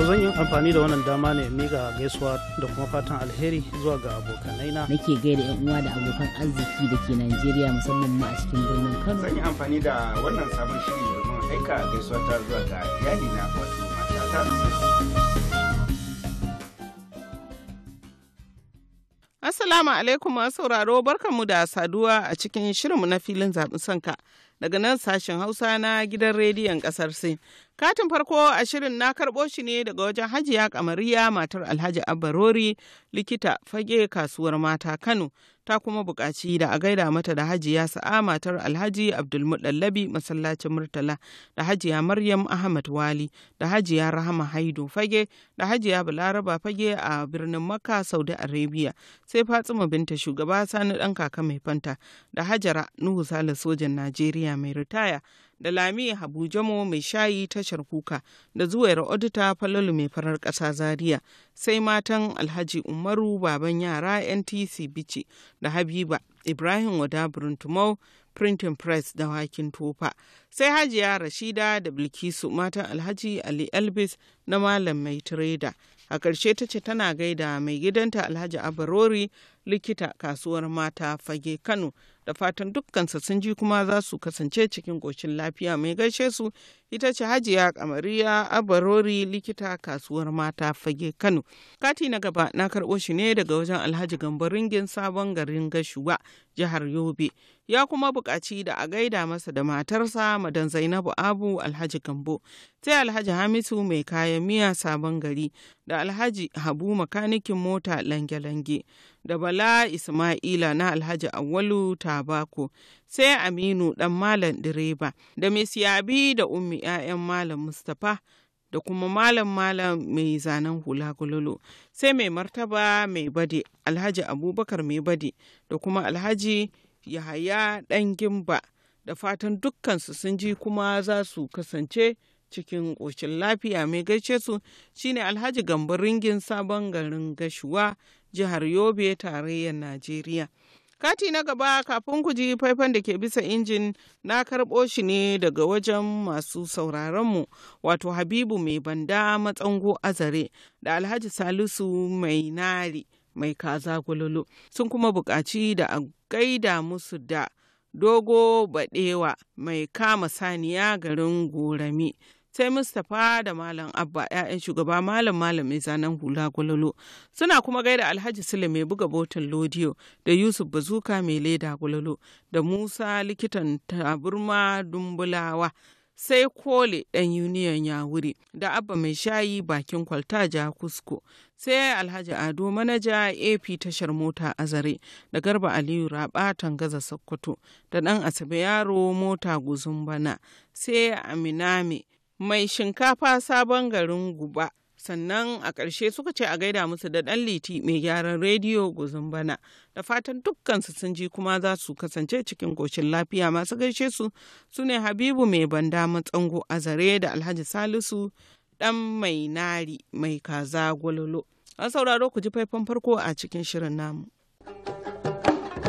to zan yi amfani da wannan dama ne mi ga gaisuwa da kuma fatan alheri zuwa ga abokanai na nake gaida yan uwa da abokan arziki da ke Najeriya musamman ma a cikin birnin Kano zan yi amfani da wannan sabon shiri domin aika gaisuwa ta zuwa ga iyali na wato matata Assalamu alaikum masu sauraro barkanmu da saduwa a cikin shirinmu na filin zaɓin sanka daga nan sashen Hausa na gidan rediyon kasar Sin. Katin farko a shirin na karɓo shi ne daga wajen Hajiya Kamariya matar Alhaji rori likita fage kasuwar mata Kano ta kuma buƙaci da a gaida mata da hajiya sa'a matar alhaji abdulmuɗallabi masallacin murtala da hajiya maryam ahmad wali da hajiya rahama haidu fage da hajiya balaraba fage a birnin makka saudi arabia sai fatima binta shugaba sani ɗan kaka mai fanta da hajara nuhu sale sojan najeriya mai ritaya da Lami Habu Jamo mai shayi tashar kuka da yara odita falalu mai farar ƙasa Zaria sai matan Alhaji Umaru baban yara NTC bichi da Habiba Ibrahim wada Tumau Printing Press da Wakin Tofa sai Hajiya Rashida da Bilkisu matan Alhaji Ali elvis na Malam Mai trader a ƙarshe ta ce tana gaida mai gidanta Alhaji Abarori likita kasuwar mata fage Kano da fatan dukkansa sun ji kuma za su kasance cikin ƙoshin lafiya mai gaishe su ita ce hajiya kamariya abarori likita kasuwar mata fage kano kati na gaba na karɓo shi ne daga wajen alhaji gambaringin sabon garin gashuwa jihar Yobe ya kuma buƙaci da a gaida masa da matarsa madan Zainabu Abu Alhaji Gambo sai Alhaji Hamisu mai kayan miya sabon gari da Alhaji Habu makanikin mota lange-lange da Bala Ismaila na Alhaji Awwalu Tabako sai Aminu dan Malam Direba da Miss Yabi da Ummi 'ya'yan Malam Mustapha da kuma malam malam mai zanen hula gololo sai mai martaba mai bade alhaji abubakar mai bade da kuma alhaji yahaya dan gimba da fatan dukkansu sun ji kuma za su kasance cikin ƙoshin lafiya mai gaishe su shine alhaji ringin sabon garin gashuwa jihar yobe tarayyar najeriya Kati na gaba kafin ku ji faifan da ke bisa injin na karɓo shi ne daga wajen masu sauraronmu wato Habibu mai banda matsango azare da Alhaji Salisu mai nari mai kaza gwalolo sun kuma buƙaci da a gaida musu da dogo baɗewa mai kama saniya garin gurami. sai Mustapha da Malam Abba 'ya'yan shugaba Malam Malam mai zanen hula gwalolo. Suna kuma gaida Alhaji Sule mai buga botin lodiyo da Yusuf Bazuka mai leda gwalolo da Musa likitan taburma dumbulawa. Sai kole dan union ya wuri da abba mai shayi bakin kwaltaja kusko sai alhaji ado manaja ap tashar mota a zare da garba aliyu raba tangaza sokoto da ɗan asabe yaro mota guzun bana sai aminame mai shinkafa sabon garin guba sannan a ƙarshe suka ce a gaida musu da ɗan liti mai gyaran rediyo guzun bana da fatan dukkansu sun ji kuma za su kasance cikin ƙoshin lafiya masu gaishe su su ne habibu mai banda matsango a zare da alhaji salisu ɗan mai nari mai kaza gwalolo an sauraro ku ji faifan farko a cikin shirin namu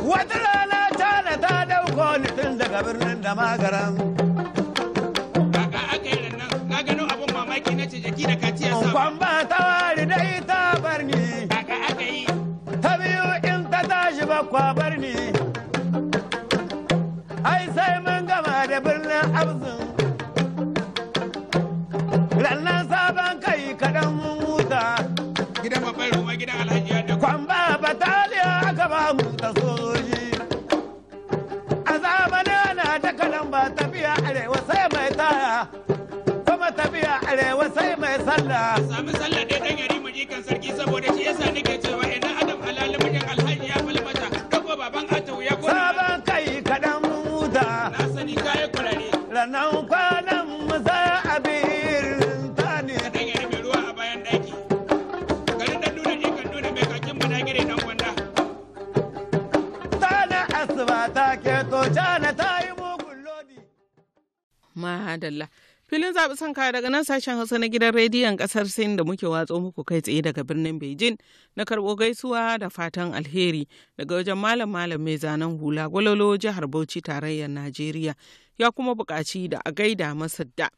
wata rana ta ta daga birnin da baki na ba ta wari dai bar ni kaka ta biyu in ta tashi ba kwa bar ai sai mun gama da birnin abzin Lallan sabon kai kaɗan mun huta gidan bataliya aka ba mu ta so sallah sami sallah dai dan yari muri kan sarki saboda shi yasa nake cewa ina adam halal mijin alhaji ya falmata kago baban ato ya kula saban kai kadan muda na sani kai kurare ranan kwanan maza abir yari mai ruwa a bayan daki garin ta ke to ta yi mugun lodi Filin zaɓi kaya daga nan sashen Hausa na gidan rediyon ƙasar Sin da muke watso muku kai tsaye daga birnin Beijing na karɓo gaisuwa da fatan alheri daga wajen malam malam mai zanen hula gwalolo jihar Bauchi tarayyar Najeriya ya kuma buƙaci da a gaida masa da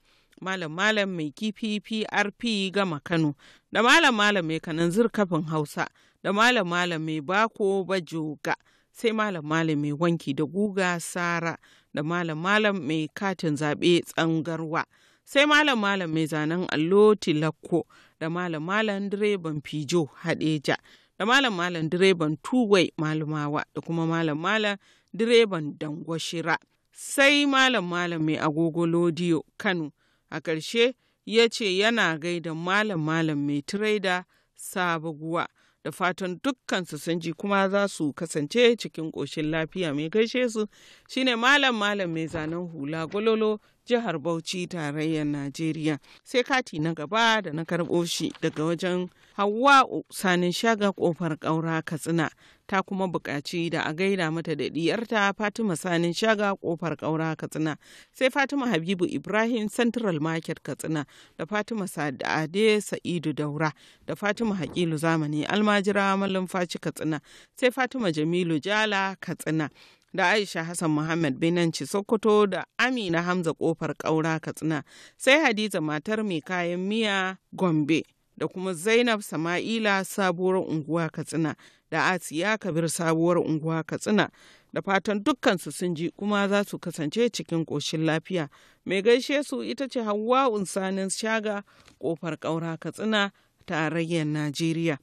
malam malam mai kifi PRP gama Kano da malam malam mai kanan kafin Hausa da malam malam mai bako bajoga sai malam malam mai wanki da guga Sara da malam malam mai katin zaɓe tsangarwa. sai malam malam mai zanen allo tilakko da malam malam direban fijo hadeja da malam malam direban tuwai malumawa da kuma malam malam direban dangwashira sai malam malam mai agogo lodiyo kano a ƙarshe ya ce yana gaida malam malam mai tireda sabaguwa da fatan dukkan su sun ji kuma za su kasance cikin ƙoshin lafiya mai gaishe su shine malam malam mai zanen hula gololo jihar Bauchi tarayyar Najeriya sai kati na gaba da na karɓo shi daga wajen Hauwa Sanin Shaga ƙofar ƙaura Katsina ta kuma buƙaci da a gaida mata da ɗiyarta Fatima Sanin Shaga ƙofar ƙaura Katsina sai Fatima Habibu Ibrahim Central Market Katsina da Fatima Sa'ade Sa'idu Daura da Fatima Hakilu Zamani Almajira Malam Faci Katsina sai Fatima Jamilu Jala Katsina da Aisha Hassan Muhammad Binanci Sokoto da Amina Hamza ƙofar Ƙaura Katsina, sai Hadiza matar mai kayan miya Gombe da kuma Zainab Sama'ila sabuwar unguwa Katsina da asiya kabir sabuwar unguwa katsina da fatan dukkansu sun ji kuma za su kasance cikin ƙoshin lafiya mai gaishe su ita ce hawa unsanin shaga ƙofar ƙaura katsina tarayyar najeriya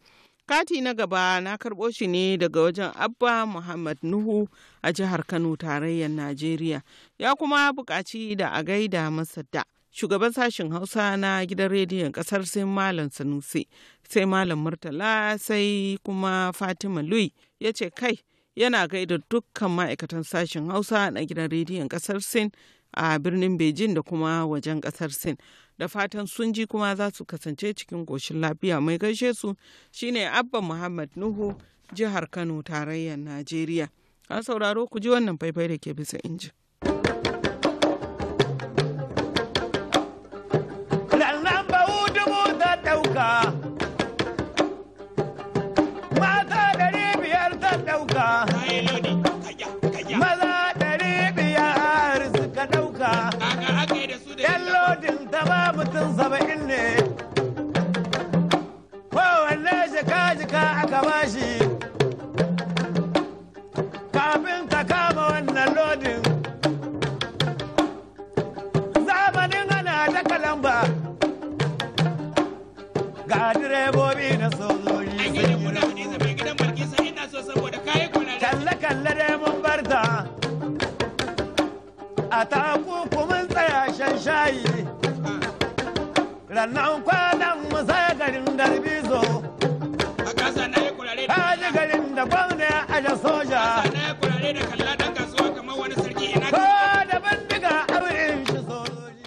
kati na gaba na karɓo shi ne daga wajen abba muhammad nuhu a jihar kano tarayyar najeriya ya kuma buƙaci da a gaida masa da shugaban sashen hausa na gidan rediyon kasar sai malam sanusi sai malam murtala sai kuma fatima lui ya ce kai yana gaida dukkan ma'aikatan sashen hausa na gidan rediyon kasar sin a birnin beijing da kuma wajen kasar sin da fatan sun ji kuma za su kasance cikin goshin lafiya mai gaishe su shine abba muhammad nuhu jihar kano tarayyar najeriya an sauraro ku ji wannan faifai da ke bisa injin 없다 sannan kwanan kwanan masa garin darbizo a kasa na yi kurare da kaji garin da gwamna ya aje soja na yi da kamar wani sarki ko da bindiga abin shi sojoji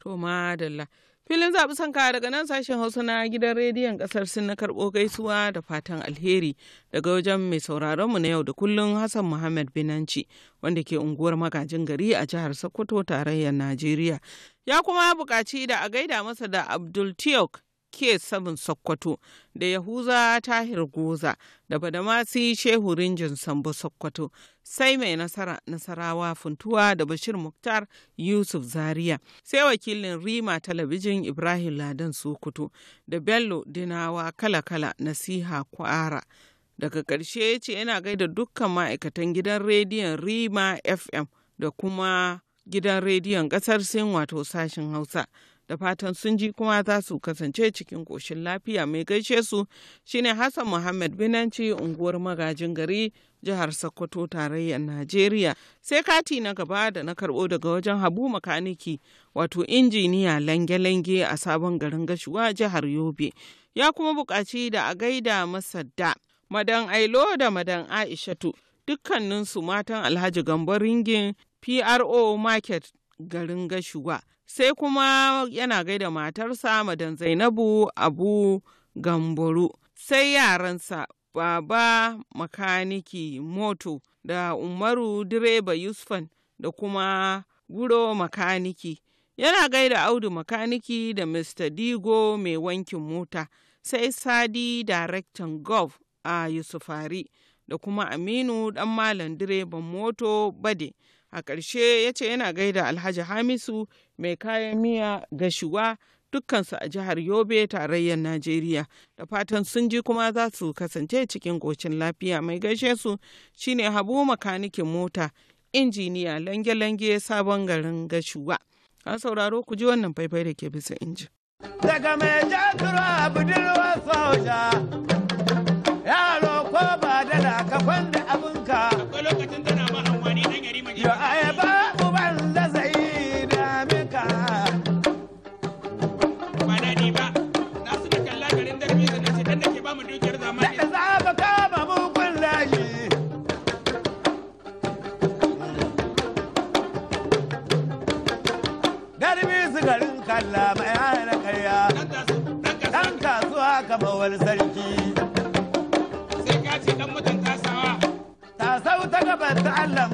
to madalla filin zaɓi sanka daga nan sashen hausa na gidan rediyon ƙasar sun na karɓo gaisuwa da fatan alheri daga wajen mai sauraronmu na yau da kullun hassan muhammad binanci wanda ke unguwar magajin gari a jihar sokoto tarayyar najeriya ya kuma buƙaci da a gaida masa da abdul tiok K7 Sokoto da Yahuza Tahir Goza da Badamasi Shehu Rinjin Sambo Sokoto sai mai nasara nasarawa funtuwa da Bashir Muktar Yusuf Zaria sai wakilin Rima Talabijin Ibrahim Ladan Sokoto da Bello Dinawa kala-kala nasiha kwara. Daga ƙarshe ya ce yana gaida dukkan ma'aikatan gidan rediyon Rima FM da kuma gidan rediyon ƙasar Sin wato sashin Hausa. da fatan sun ji kuma za su kasance cikin koshin lafiya mai gaishe su shine hassan muhammad binanci unguwar magajin gari jihar sokoto tarayyar najeriya sai kati na gaba da na karɓo daga wajen habu makaniki wato injiniya lange-lange a sabon garin gashuwa jihar yobe ya kuma buƙaci da a gaida masadda madan ailo da madan aishatu dukkaninsu matan alhaji gambo ringin pro market garin gashuwa sai kuma yana gaida matarsa madan zainabu abu gamburu sai yaransa baba makaniki moto da umaru direba yusufan da kuma guro makaniki yana gaida audu makaniki da mr digo mai wankin mota sai sadi daraktan gov a yusufari da kuma aminu dan malam direban moto bade a ƙarshe ya ce yana gaida alhaji hamisu mai kayan miya gashuwa dukkansu a jihar yobe tarayyar najeriya da fatan sun ji kuma za su kasance cikin gocin lafiya mai gaishe su shine habu makanikin mota injiniya lange-lange sabon garin gashuwa an sauraro ku ji wannan faifai da ke bisa injin daga mai jakura Allah mai hana karya dan kasuwa kamar wani sarki sai ka ce dan mutan tasawa tasau ta gaban ta Allah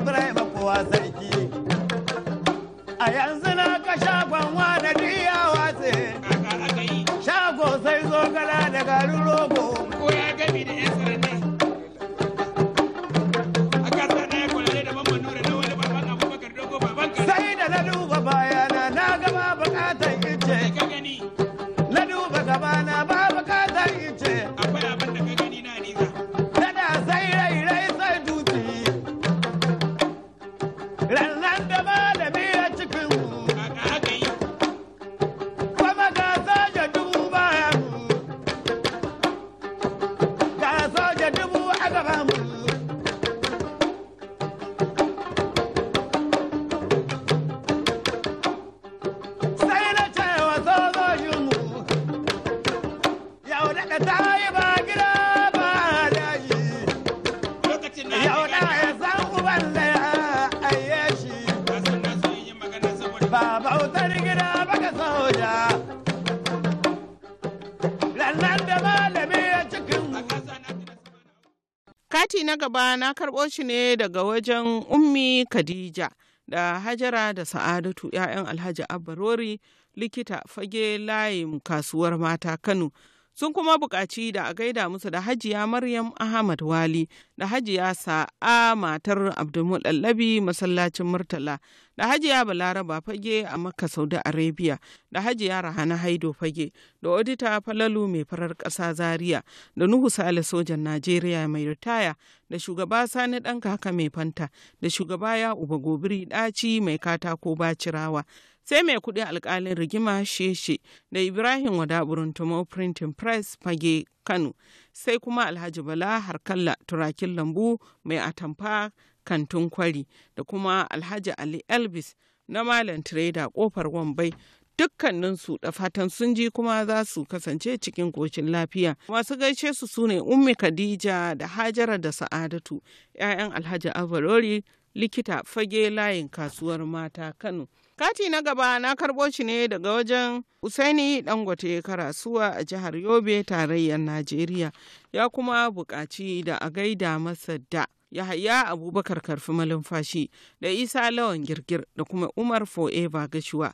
gaba na karɓo shi ne daga wajen Ummi Khadija da Hajara da Sa'adatu 'ya'yan Alhaji rori likita fage layin kasuwar mata Kano sun kuma buƙaci da a gaida musu da hajiya maryam ahmad wali da hajiya sa'a matar abdulmuɗallabi masallacin murtala da hajiya balaraba fage a makka saudi arabia da hajiya rahana haido fage da odita falalu mai farar ƙasa zaria da nuhu sale sojan najeriya mai ritaya da shugaba sani ɗan kaka mai fanta da shugaba ya uba gobiri ɗaci mai katako bacirawa sai mai kuɗin alkalin rigima sheshe da ibrahim wadaburin tomo printing press fage kano sai kuma alhaji bala harkalla turakin lambu mai atamfa kantin kwari da kuma alhaji ali elvis na malam trader kofar wambai dukkaninsu da fatan sun ji kuma za su kasance cikin kocin lafiya masu gaishe su sune ummi khadija da hajara da sa'adatu 'ya'yan alhaji abarori likita fage layin kasuwar mata kano Kati na gaba na karɓo shi ne daga wajen Usaini Dangote Karasuwa a jihar Yobe tarayyar Najeriya ya kuma buƙaci da a gaida masa da Yahaya Abubakar Karfi Malumfashi da Isa Lawan Girgir da kuma Umar Forever Gashuwa.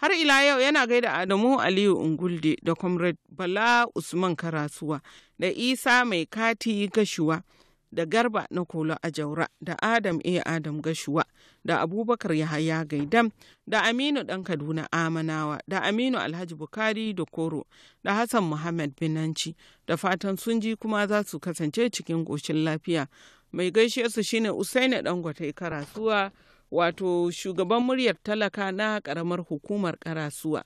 Har ila yau yana gaida Adamu Aliyu Ungulde da Comrade Bala Usman Karasuwa da Isa Mai Kati Gashuwa. da Garba na Kolo a Jaura da Adam A. Adam Gashuwa da Abubakar Yahaya Gaidam da Aminu Ɗan Kaduna Amanawa da Aminu Alhaji Bukari da Koro da Hassan Muhammad Binanci da fatan sun ji kuma za su kasance cikin ƙoshin lafiya. Mai gaishe su shine Usaini Dangote Karasuwa wato shugaban muryar talaka na ƙaramar hukumar Karasuwa.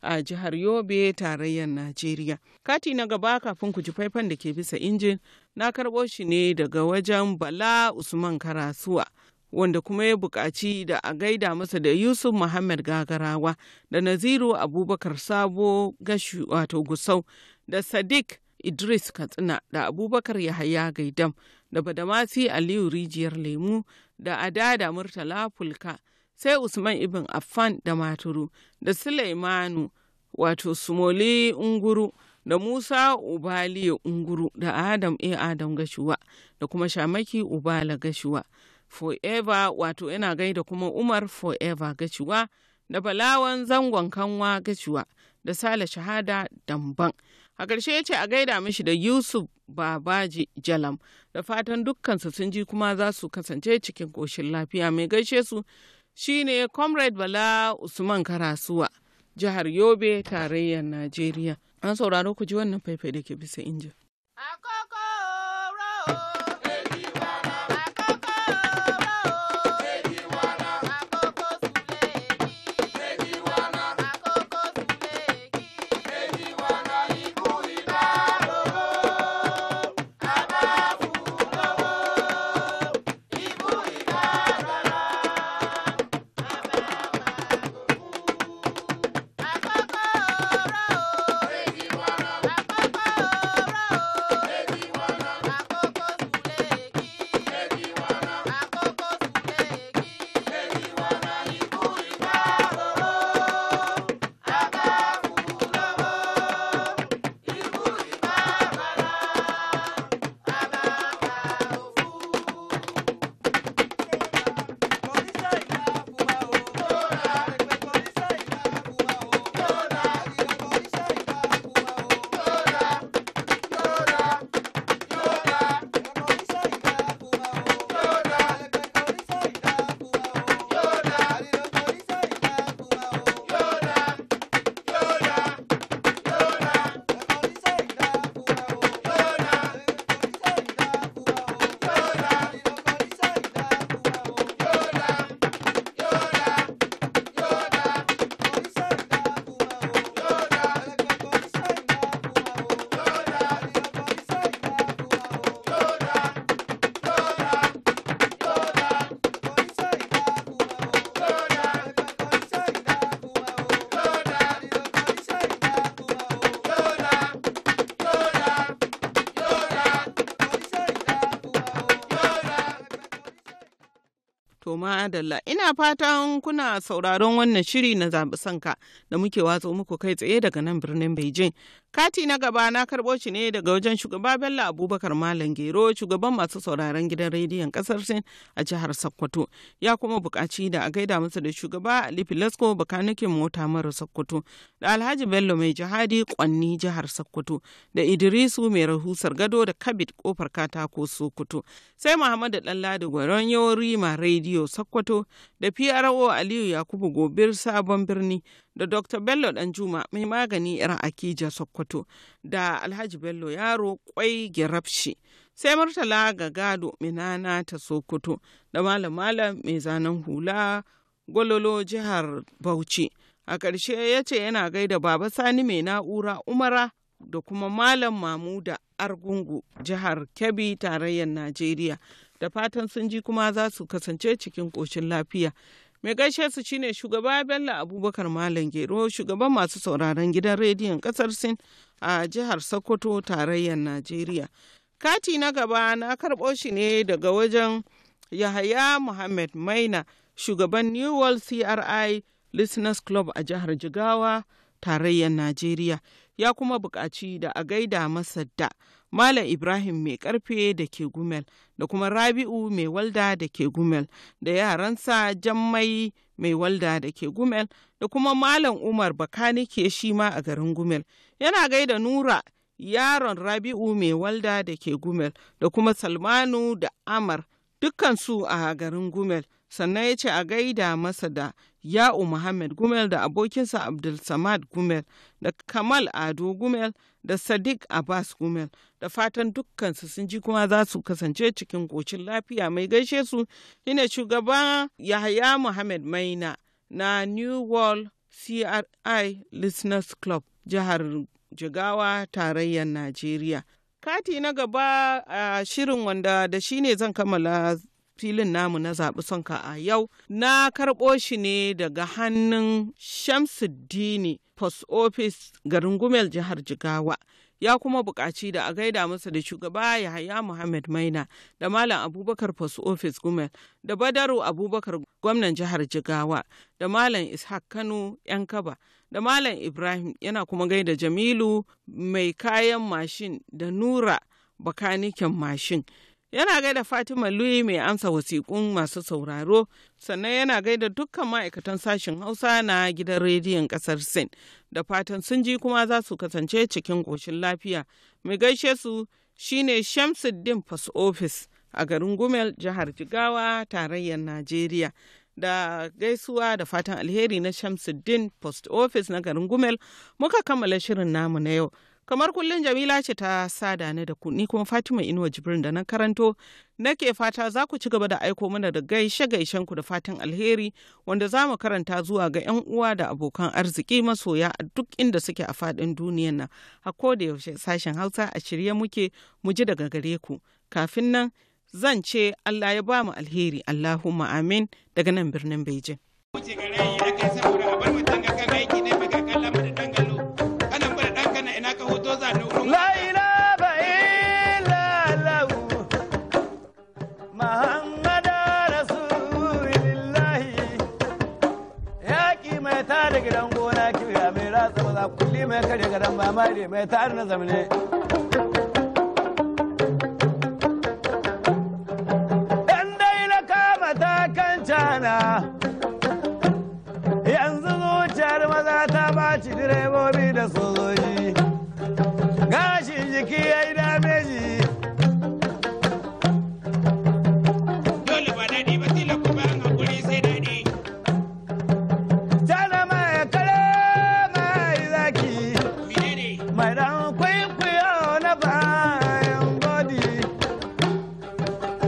a jihar Yobe tarayyar Najeriya. Kati na gaba kafin ku ji faifan da ke bisa injin na karɓo shi ne daga wajen Bala Usman Karasuwa. Wanda kuma ya buƙaci da a gaida masa da Yusuf Muhammad Gagarawa da Naziru Abubakar Sabo Gashi wato Gusau da Sadiq Idris Katsina da Abubakar Yahaya Gaidam da Badamasi Aliyu Rijiyar Lemu da Adada Murtala Fulka sai Usman Ibn Affan da Maturu da Suleimanu wato Sumole Unguru da Musa ya Unguru da Adam A. Adam Gashuwa da kuma Shamaki Ubala Gashuwa. Forever wato yana gaida kuma Umar Forever Gashuwa da Balawan Zangon Kanwa Gashuwa da Sale Shahada Damban. A ƙarshe ya ce a gaida mishi da Yusuf Babaji Jalam da fatan dukkansu sun ji kuma za su kasance cikin ƙoshin lafiya mai gaishe su shine Comrade Bala Usman Karasuwa jihar Yobe tarayyar Najeriya. An sauraro ku ji wannan faifai da ke bisa injin. Dalla ina fatan kuna sauraron wannan shiri na zaɓi sanka da muke watsa muku kai tsaye daga nan birnin Beijing. Kati na gaba na karɓo shi ne daga wajen shugaba Bello Abubakar Malam Gero shugaban masu sauraron gidan rediyon kasar Sin a jihar Sokoto ya kuma bukaci da a gaida masa da shugaba Ali Filasko bakanikin mota mara Sokoto da Alhaji Bello mai jihadi kwanni jihar Sokoto da Idrisu mai rahusar gado da Kabit kofar katako Sokoto sai Muhammadu Ɗanladi Gwaron Yori ma rediyo Sokoto da PRO Aliyu Yakubu Gobir sabon birni da dr bello danjuma mai magani yar akija sokoto da alhaji bello yaro kwai girabshi sai murtala ga gado minana ta sokoto da malam malam mai zanen hula gololo jihar bauchi a ƙarshe ya ce yana gaida baba sani mai na'ura umara da kuma malam mamuda argungu jihar kebbi tarayyar najeriya da fatan sun ji kuma za su kasance cikin ƙoshin lafiya Mai gaishe su shine shugaba Bello Abubakar Malam Gero shugaban masu sauraron gidan rediyon kasar Sin a jihar Sokoto tarayyar Najeriya. Kati na gaba na karɓo shi ne daga wajen Yahaya Muhammad Maina shugaban New World CRI Listeners Club a jihar Jigawa tarayyar Najeriya ya kuma buƙaci da a gaida masa da Malam Ibrahim mai karfe da ke Gumel da kuma Rabi'u mai walda da ke Gumel da yaransa Jammai mai walda da ke Gumel da kuma Malam Umar Bakanike shi ma a garin Gumel. Yana gaida Nura yaron Rabi'u mai walda da ke Gumel da kuma Salmanu da Amar su a garin Gumel. sannan ya ce a gaida masa da ya'u muhammad gumel da abokinsa Abdul Samad gumel da kamal ado gumel da sadiq abbas gumel da fatan dukkansu sun ji kuma za su kasance cikin kocin lafiya mai gaishe su shine shugaba yahaya muhammad maina na new world cri listeners club jihar jigawa tarayyar najeriya kati na gaba a shirin wanda da shine zan kammala filin namu na zaɓi sonka a yau na karɓo shi ne daga hannun shamsuddini post office garin gumel jihar jigawa ya kuma buƙaci da a gaida masa da shugaba yahaya muhammad maina da malam abubakar post office gumel da badaru abubakar gwamnan jihar jigawa da malam ishak kano yan kaba da malam ibrahim yana kuma gaida jamilu mai kayan mashin da nura bakaniken mashin Yana gaida Fatima Lui mai amsa wasiƙun masu sauraro, sannan yana gaida dukkan ma'aikatan sashen Hausa na gidan rediyon ƙasar Sin, da fatan sun ji kuma za su kasance cikin ƙoshin lafiya. Mai gaishe su shine Shamsuddin post Office a garin Gumel, jihar Jigawa, tarayyar Najeriya. da gaisuwa da fatan alheri na Shamsuddin Post Office na garin Gumel muka kammala shirin namu na yau kamar kullum jamila ce ta sada ni da ku ni kuma fatima inuwa jibrin da na karanto nake fata za ku ci gaba da aiko mana da gaishe gaishen ku da fatan alheri wanda za mu karanta zuwa ga yan uwa da abokan arziki masoya a duk inda suke a fadin duniyan nan a ko da yaushe sashen hausa a shirye muke mu ji daga gare ku kafin nan zan ce allah ya ba mu alheri allahumma amin daga nan birnin beijing ما يتعرض من ايه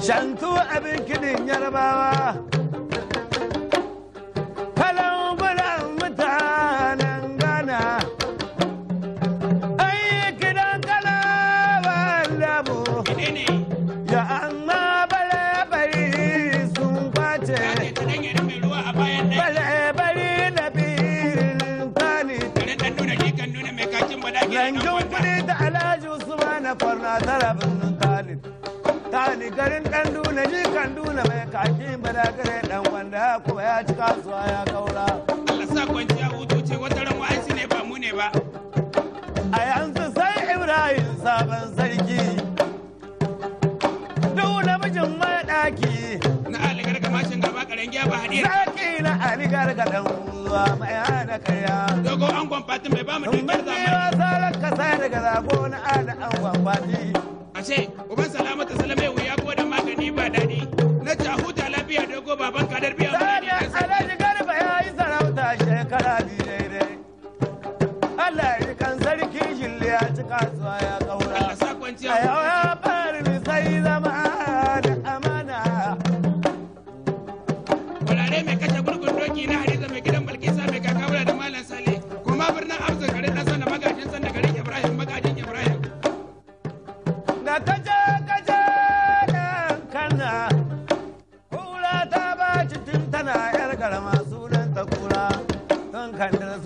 shantu abin kiɗin yarbawa kalan gudan mutanen gana ai kiɗan kalaban labu ya amma balabari sun kwace balabari da birin tani rangin kuɗi da alhaji usman na kwarna tarabin garin dan duna ji kan duna mai kaki balagare dan wanda kuma ya ci kasuwa ya kaura Allah sa kwanciya hutu ce wata ran wa'ansu ne ba mu ne ba a yanzu sai Ibrahim sabon sarki duna mijin mai daki na aligar mashin gaba karen giya ba hadiya saki na aligar dan zuwa mai hana kaya dogo an gwamfati mai ba mu dukkan zamani mun wasa ka sai daga zago na ana an gwamfati ashe uban salamata salame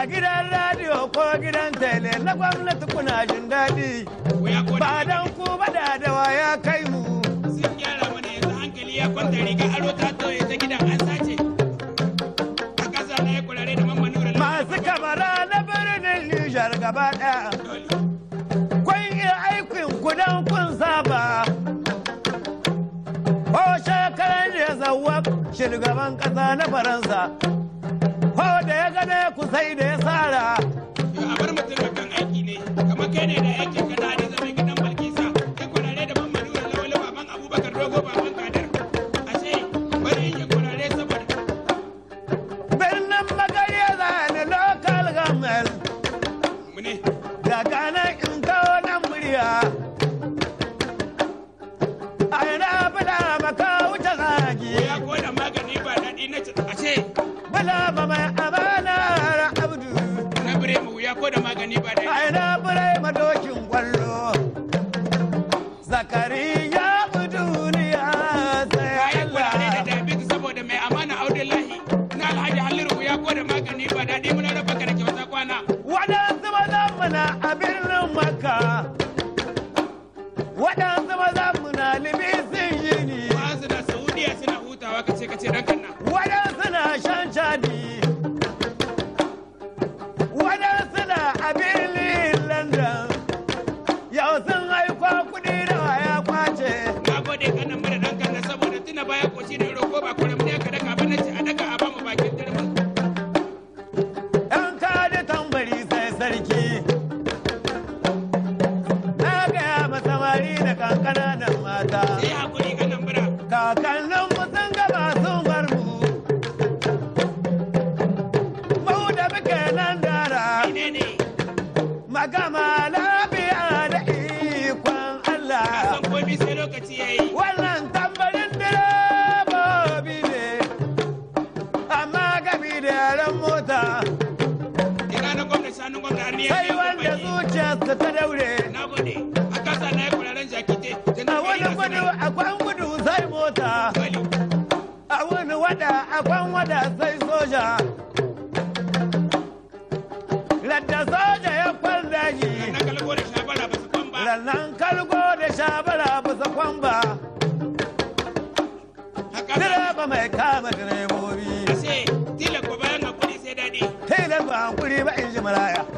A gidan radio ko gidan tele na gwamnati kuna jin daɗi. Ba dan ku ba da dawa ya kai mu. Sun gyara mana yanzu hankali ya kwanta riga aro ta ta gidan an sace. A ƙasa na ya kurare da mamman nura. Masu kamara na birnin Nijar gaba ɗaya. Kun aikin kudan kun saba. O shekaran da ya zawa shugaban ƙasa na Faransa. ku da ya sara. A bar mutum aiki ne, kamar kai ne da aikin kana da magama lafiya da ikon Allah. Wannan tambarin direbobi ne, amma gami da yaren mota. Sai wanda zuciyarsa ta daure. A wani gudu akwai gudu sai mota. hankuri ba in ji maraya